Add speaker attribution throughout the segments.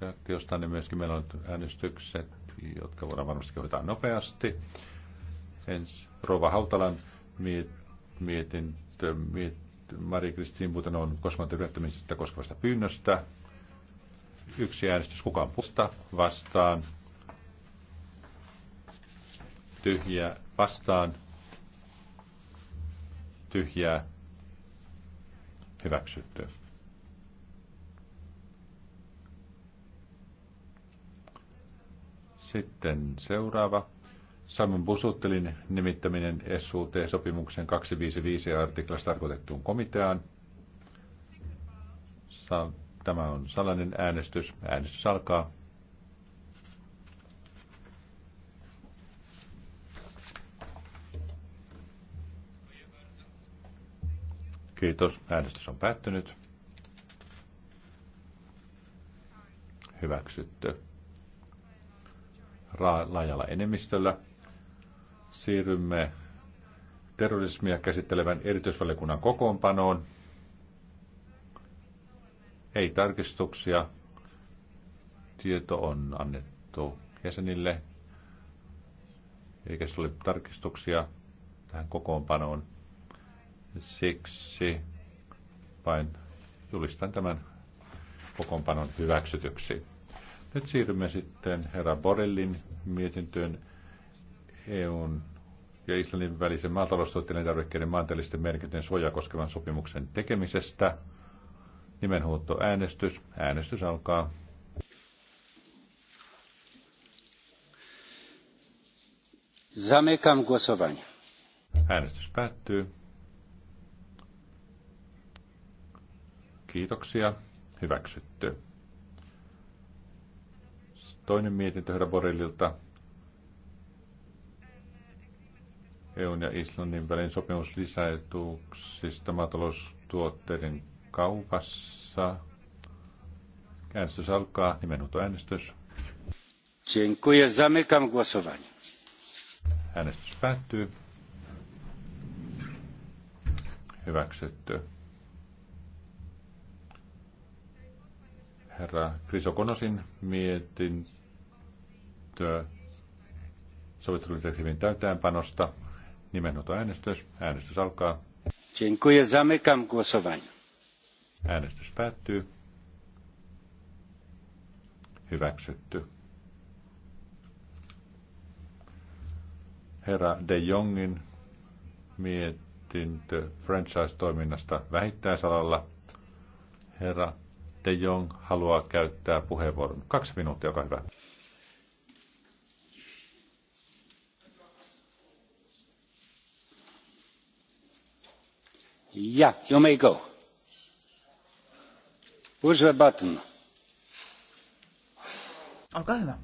Speaker 1: reaktiosta, niin myöskin meillä on äänestykset, jotka voidaan varmasti hoitaa nopeasti. Ens Rova Hautalan miet, mietintö, miet, Mari-Kristin on kosmantyyrättämisestä koskevasta pyynnöstä. Yksi äänestys kukaan puusta vastaan. Tyhjä vastaan. Tyhjää hyväksytty. Sitten seuraava. Simon Busuttelin nimittäminen SUT-sopimuksen 255 artiklassa tarkoitettuun komiteaan. Tämä on salainen äänestys. Äänestys alkaa. Kiitos. Äänestys on päättynyt. Hyväksytty laajalla enemmistöllä. Siirrymme terrorismia käsittelevän erityisvaliokunnan kokoonpanoon. Ei tarkistuksia. Tieto on annettu jäsenille. Eikä se ole tarkistuksia tähän kokoonpanoon. Siksi vain julistan tämän kokoonpanon hyväksytyksi. Nyt siirrymme sitten herra Borellin mietintöön EUn ja Islannin välisen maataloustuotteiden tarvikkeiden maantieteellisten merkintöjen suojaa koskevan sopimuksen tekemisestä. Nimenhuutto äänestys. Äänestys alkaa.
Speaker 2: Zamykam głosowanie.
Speaker 1: Äänestys päättyy. Kiitoksia.
Speaker 2: Hyväksytty
Speaker 1: toinen mietintö herra Borrellilta. EUn ja Islannin välin sopimus lisäetuuksista maataloustuotteiden kaupassa. Äänestys alkaa, nimenhuuto äänestys. Dziękuję, zamykam głosowanie. Äänestys päättyy. Hyväksytty. Herra Krisokonosin mietintö mietintöä sovitteludirektiivin täytäänpanosta. Nimenhuuto äänestys. Äänestys alkaa. Dziękuję. Zamykam głosowanie. Äänestys päättyy. Hyväksytty. Herra De Jongin mietintö franchise-toiminnasta vähittäisalalla. Herra De Jong haluaa käyttää puheenvuoron. Kaksi minuuttia, olkaa hyvä.
Speaker 2: Yeah, you may go. Push the button. Olkaa hyvä.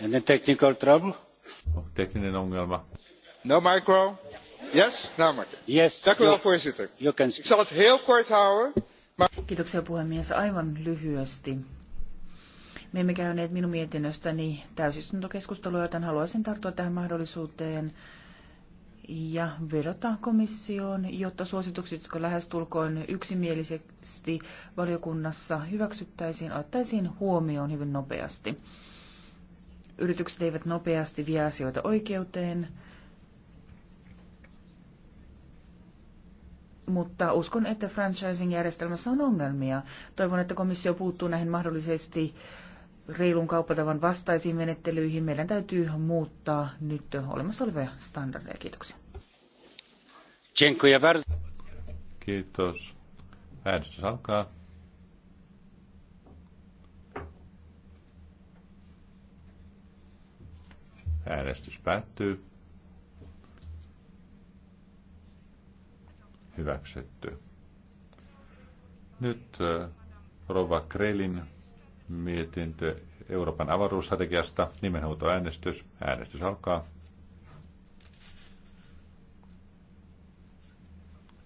Speaker 2: And a technical trouble? Oh, tekninen ongelma. No micro. Yes, no micro. Yes. Dank u wel, voorzitter. You can speak. Ik zal
Speaker 3: Kiitoksia puhemies. Aivan lyhyesti. Me emme käyneet minun mietinnöstäni täysistuntokeskustelua, joten haluaisin tarttua tähän mahdollisuuteen ja vedota komissioon, jotta suositukset, jotka lähestulkoon yksimielisesti valiokunnassa hyväksyttäisiin, ottaisiin huomioon hyvin nopeasti. Yritykset eivät nopeasti vie asioita oikeuteen, mutta uskon, että franchising-järjestelmässä on ongelmia. Toivon, että komissio puuttuu näihin mahdollisesti reilun kauppatavan vastaisiin menettelyihin. Meidän täytyy muuttaa nyt olemassa olevia standardeja. Kiitoksia.
Speaker 1: Kiitos. Äänestys alkaa. Äänestys päättyy. Hyväksytty. Nyt äh, Rova Krelin mietintö Euroopan avaruusstrategiasta. Nimenhuutoäänestys. Äänestys alkaa.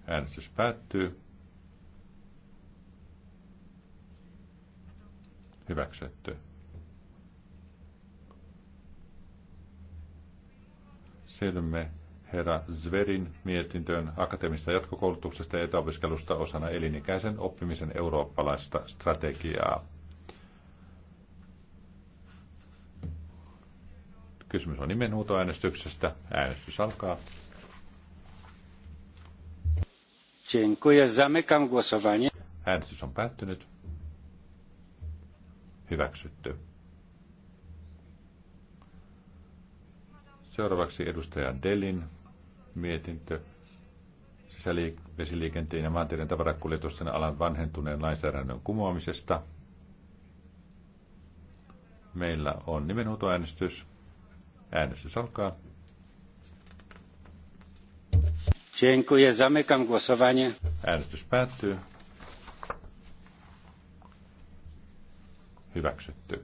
Speaker 1: Äänestys päättyy. Hyväksytty. Siirrymme herra Zverin mietintöön akateemisesta jatkokoulutuksesta ja etäopiskelusta osana elinikäisen oppimisen eurooppalaista strategiaa. Kysymys on nimenhuutoäänestyksestä. Äänestys alkaa.
Speaker 2: Dziękuję. Zamykam głosowanie.
Speaker 1: Äänestys on päättynyt. Hyväksytty. Seuraavaksi edustaja Delin mietintö sisävesiliikenteen ja maantieteen tavarakuljetusten alan vanhentuneen lainsäädännön kumoamisesta. Meillä on nimenhuutoäänestys. äänestys. Äänestys alkaa.
Speaker 2: Dziękuję, zamykam głosowanie.
Speaker 1: Äänestys päättyy. Hyväksytty.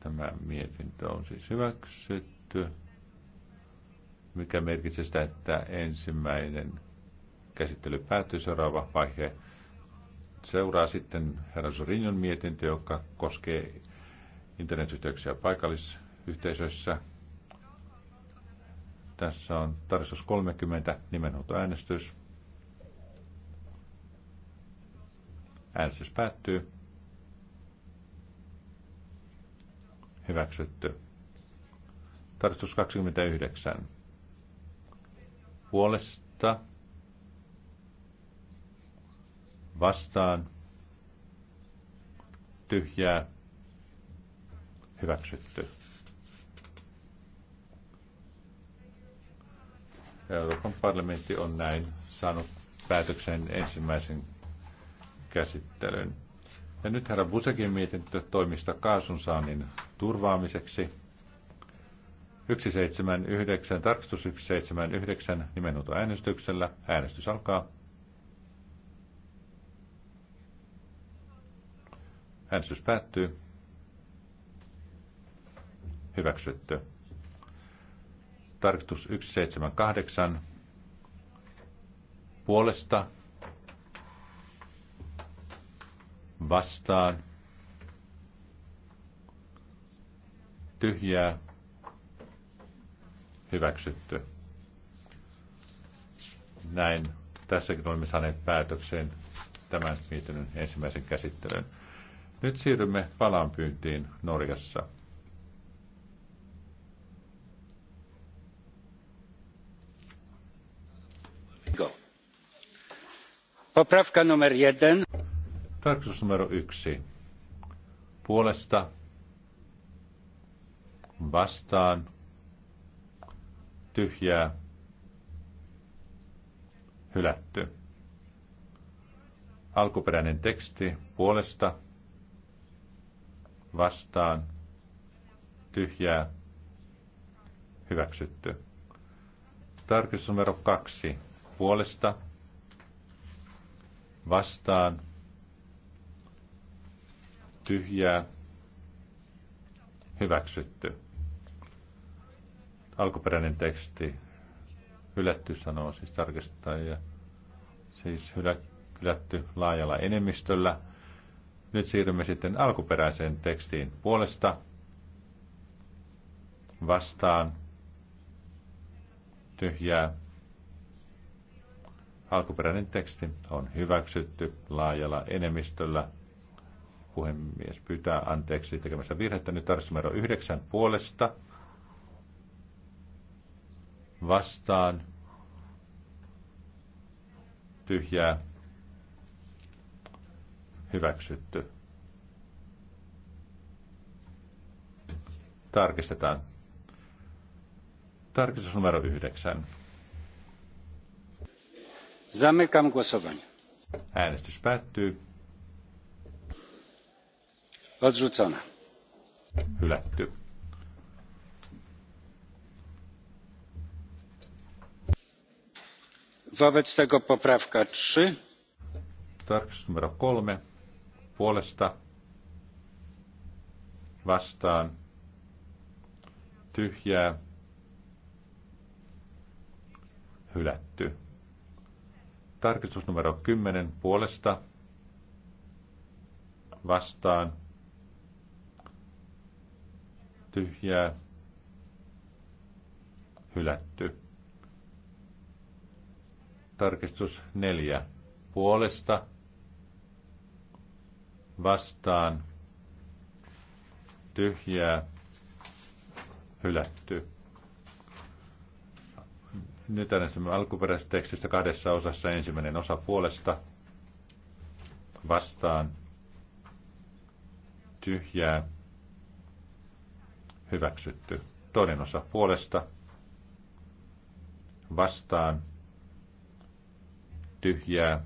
Speaker 1: Tämä mietintö on siis hyväksytty, mikä merkitsee sitä, että ensimmäinen käsittely päättyy, seuraava vaihe Seuraa sitten herra Sorinjon mietintö, joka koskee internetyhteyksiä paikallisyhteisöissä. Tässä on tarjous 30, nimenhuutoäänestys. Äänestys päättyy. Hyväksytty. Tarkistus 29. Puolesta vastaan tyhjää hyväksytty. Euroopan parlamentti on näin saanut päätöksen ensimmäisen käsittelyn. Ja nyt herra Busekin mietintö toimista kaasunsaannin turvaamiseksi. 179, tarkistus 179 äänestyksellä Äänestys alkaa. Äänestys päättyy. Hyväksytty. Tarkistus 178. Puolesta. Vastaan. Tyhjää. Hyväksytty. Näin. Tässäkin olemme saaneet päätökseen tämän mietinnön ensimmäisen käsittelyn. Nyt siirrymme palanpyyntiin Norjassa.
Speaker 2: Poprawka numer jeden.
Speaker 1: Tarkistus numero yksi. Puolesta. Vastaan. Tyhjää. Hylätty. Alkuperäinen teksti puolesta vastaan, tyhjää, hyväksytty. Tarkistus numero kaksi, puolesta, vastaan, tyhjää, hyväksytty. Alkuperäinen teksti, hylätty sanoo siis tarkistaja, siis hylätty laajalla enemmistöllä, nyt siirrymme sitten alkuperäiseen tekstiin puolesta vastaan tyhjää. Alkuperäinen teksti on hyväksytty laajalla enemmistöllä. Puhemies pyytää anteeksi tekemässä virhettä. Nyt numero yhdeksän puolesta vastaan tyhjää hyväksytty. Tarkistetaan. Tarkistus numero yhdeksän.
Speaker 2: Zamykam głosowanie.
Speaker 1: Äänestys päättyy.
Speaker 2: Odrzucona. Hylätty. Wobec tego poprawka 3.
Speaker 1: Tarkistus numero kolme puolesta vastaan tyhjää hylätty. Tarkistus numero 10 puolesta vastaan tyhjää hylätty. Tarkistus 4 puolesta vastaan tyhjää hylätty. Nyt äänestämme alkuperäisestä tekstistä kahdessa osassa ensimmäinen osa puolesta vastaan tyhjää hyväksytty. Toinen osa puolesta vastaan tyhjää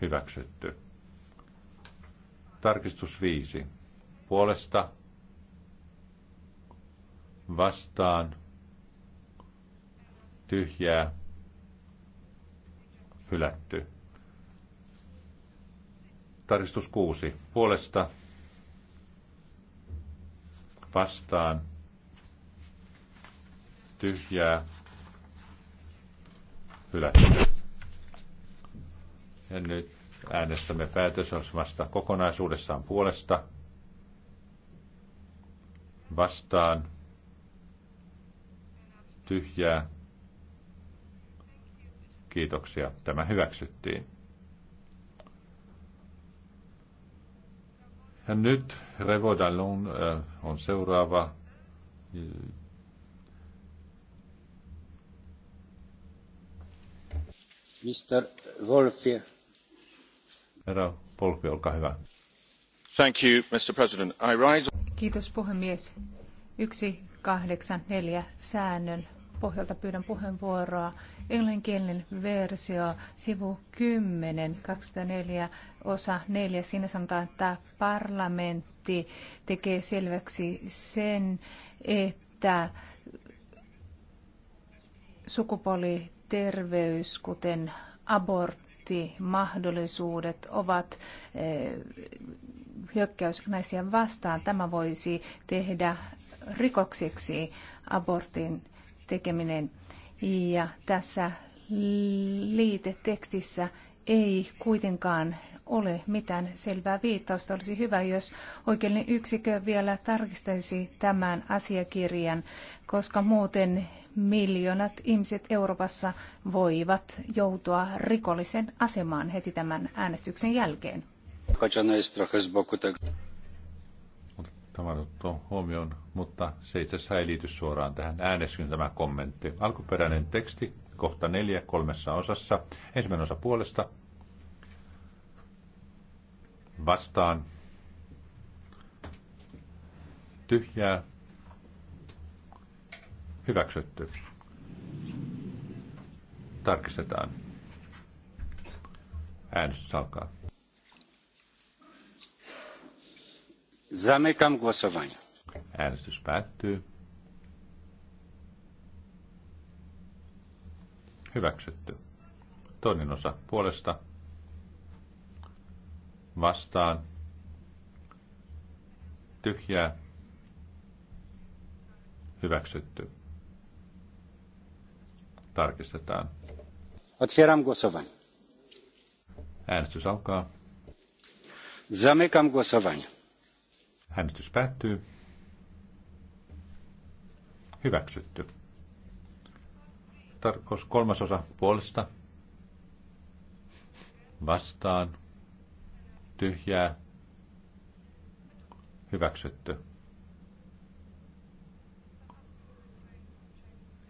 Speaker 1: hyväksytty. Tarkistus 5. Puolesta vastaan tyhjää hylätty. Tarkistus 6. Puolesta vastaan tyhjää hylätty. Ja nyt Äänestämme päätösasemasta kokonaisuudessaan puolesta. Vastaan. Tyhjää. Kiitoksia. Tämä hyväksyttiin. Ja nyt Revodalun äh, on seuraava.
Speaker 2: Mr. Wolfie
Speaker 1: arvoisa
Speaker 3: puhemies. Yksi kahdeksan neljä säännön pohjalta pyydän puheenvuoroa. Englanninkielinen versio, sivu 10, 24, osa 4. Siinä sanotaan, että parlamentti tekee selväksi sen, että sukupuoliterveys, kuten abort, mahdollisuudet ovat eh, hyökkäysnaisia vastaan. Tämä voisi tehdä rikokseksi abortin tekeminen. Ja tässä liitetekstissä ei kuitenkaan ole mitään selvää viittausta. Olisi hyvä, jos oikeudellinen yksikö vielä tarkistaisi tämän asiakirjan, koska muuten miljoonat ihmiset Euroopassa voivat joutua rikollisen asemaan heti tämän äänestyksen jälkeen.
Speaker 1: Tämä on huomioon, mutta se itse asiassa ei liity suoraan tähän äänestykseen tämä kommentti. Alkuperäinen teksti, kohta neljä, kolmessa osassa. Ensimmäinen osa puolesta. Vastaan. Tyhjää, Hyväksytty. Tarkistetaan. Äänestys alkaa.
Speaker 2: Zamykam głosowanie.
Speaker 1: Äänestys päättyy. Hyväksytty. Toinen osa puolesta. Vastaan. Tyhjää. Hyväksytty tarkistetaan.
Speaker 2: Otwieram głosowanie.
Speaker 1: Äänestys alkaa.
Speaker 2: Zamykam głosowanie.
Speaker 1: Äänestys päättyy. Hyväksytty. Tarkoitus kolmasosa puolesta. Vastaan. Tyhjää. Hyväksytty.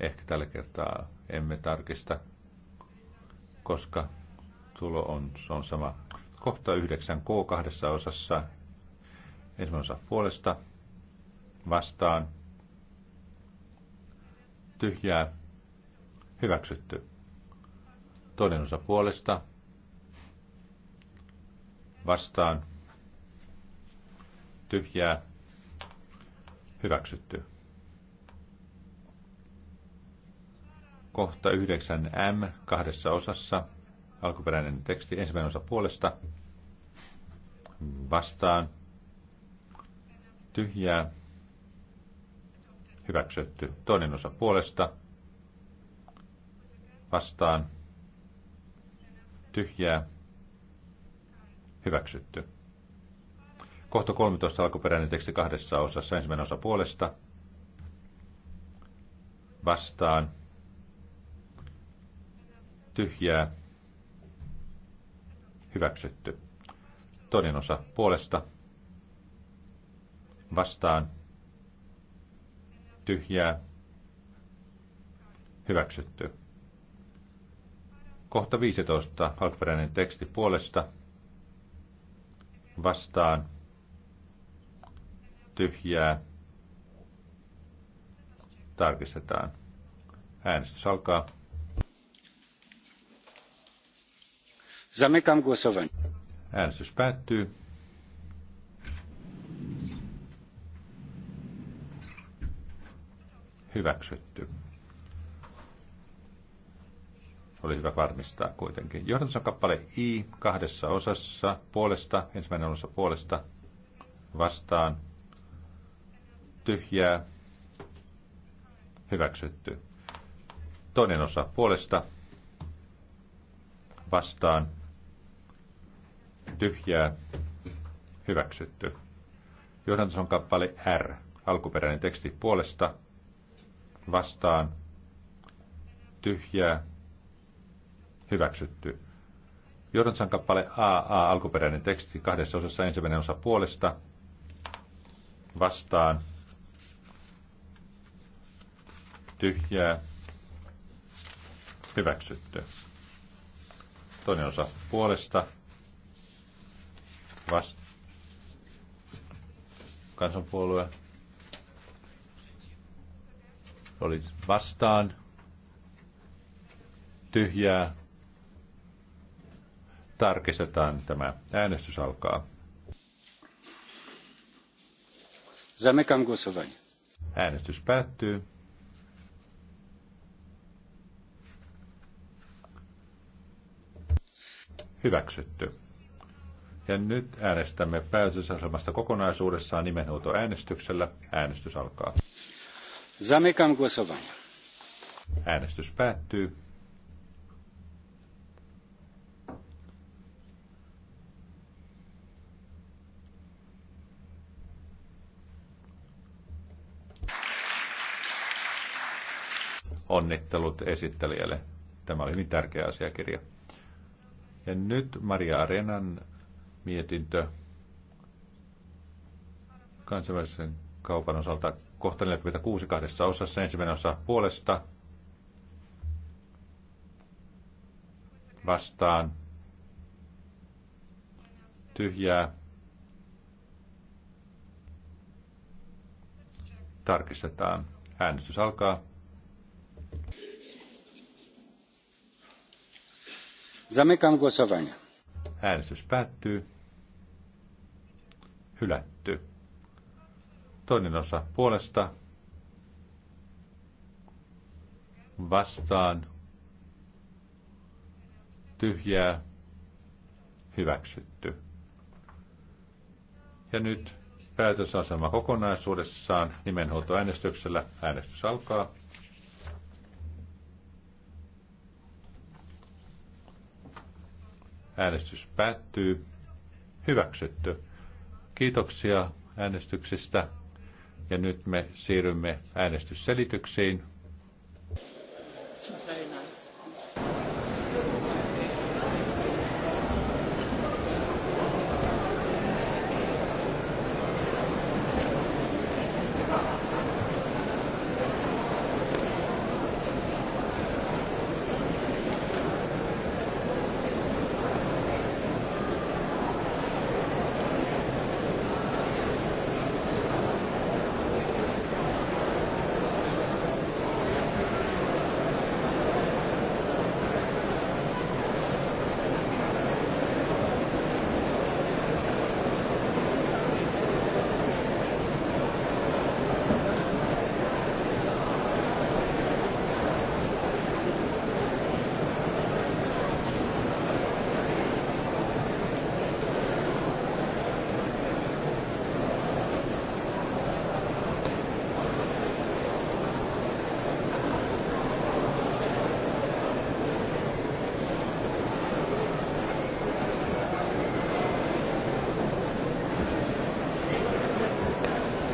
Speaker 1: Ehkä tällä kertaa emme tarkista, koska tulo on, se on sama. Kohta 9K kahdessa osassa. Ensimmäinen osa puolesta, vastaan, tyhjää, hyväksytty. Toinen osa puolesta, vastaan, tyhjää, hyväksytty. kohta 9m kahdessa osassa. Alkuperäinen teksti ensimmäinen osa puolesta. Vastaan. Tyhjää. Hyväksytty. Toinen osa puolesta. Vastaan. Tyhjää. Hyväksytty. Kohta 13 alkuperäinen teksti kahdessa osassa. Ensimmäinen osa puolesta. Vastaan tyhjää, hyväksytty. Toinen osa puolesta, vastaan, tyhjää, hyväksytty. Kohta 15, alkuperäinen teksti puolesta, vastaan, tyhjää, tarkistetaan. Äänestys alkaa.
Speaker 2: Zamykam głosowanie.
Speaker 1: Äänestys päättyy. Hyväksytty. Oli hyvä varmistaa kuitenkin. Johdatus kappale I kahdessa osassa puolesta, ensimmäinen osa puolesta, vastaan, tyhjää, hyväksytty. Toinen osa puolesta, vastaan, tyhjää, hyväksytty. Johdantason kappale R, alkuperäinen teksti puolesta, vastaan, tyhjää, hyväksytty. Johdantason kappale AA, alkuperäinen teksti kahdessa osassa, ensimmäinen osa puolesta, vastaan, tyhjää, hyväksytty. Toinen osa puolesta, Vast. Kansanpuolue oli vastaan. Tyhjää. Tarkistetaan tämä. Äänestys alkaa.
Speaker 2: Zamykam głosowanie.
Speaker 1: Äänestys päättyy. Hyväksytty. Ja nyt äänestämme päätösasemasta kokonaisuudessaan nimenhuuto äänestyksellä. Äänestys alkaa. Zamykam głosowanie. Äänestys päättyy. Onnittelut esittelijälle. Tämä oli hyvin tärkeä asiakirja. Ja nyt Maria Arenan mietintö kansainvälisen kaupan osalta kohta 46 kahdessa osassa. Ensimmäinen osa puolesta vastaan tyhjää. Tarkistetaan. Äänestys
Speaker 2: alkaa. Zamykam głosowanie.
Speaker 1: Äänestys päättyy. Hylätty. Toinen osa puolesta. Vastaan. Tyhjää. Hyväksytty. Ja nyt päätösasema kokonaisuudessaan nimenhuoltoäänestyksellä. Äänestys alkaa. Äänestys päättyy. Hyväksytty. Kiitoksia äänestyksestä. Ja nyt me siirrymme äänestysselityksiin.
Speaker 2: This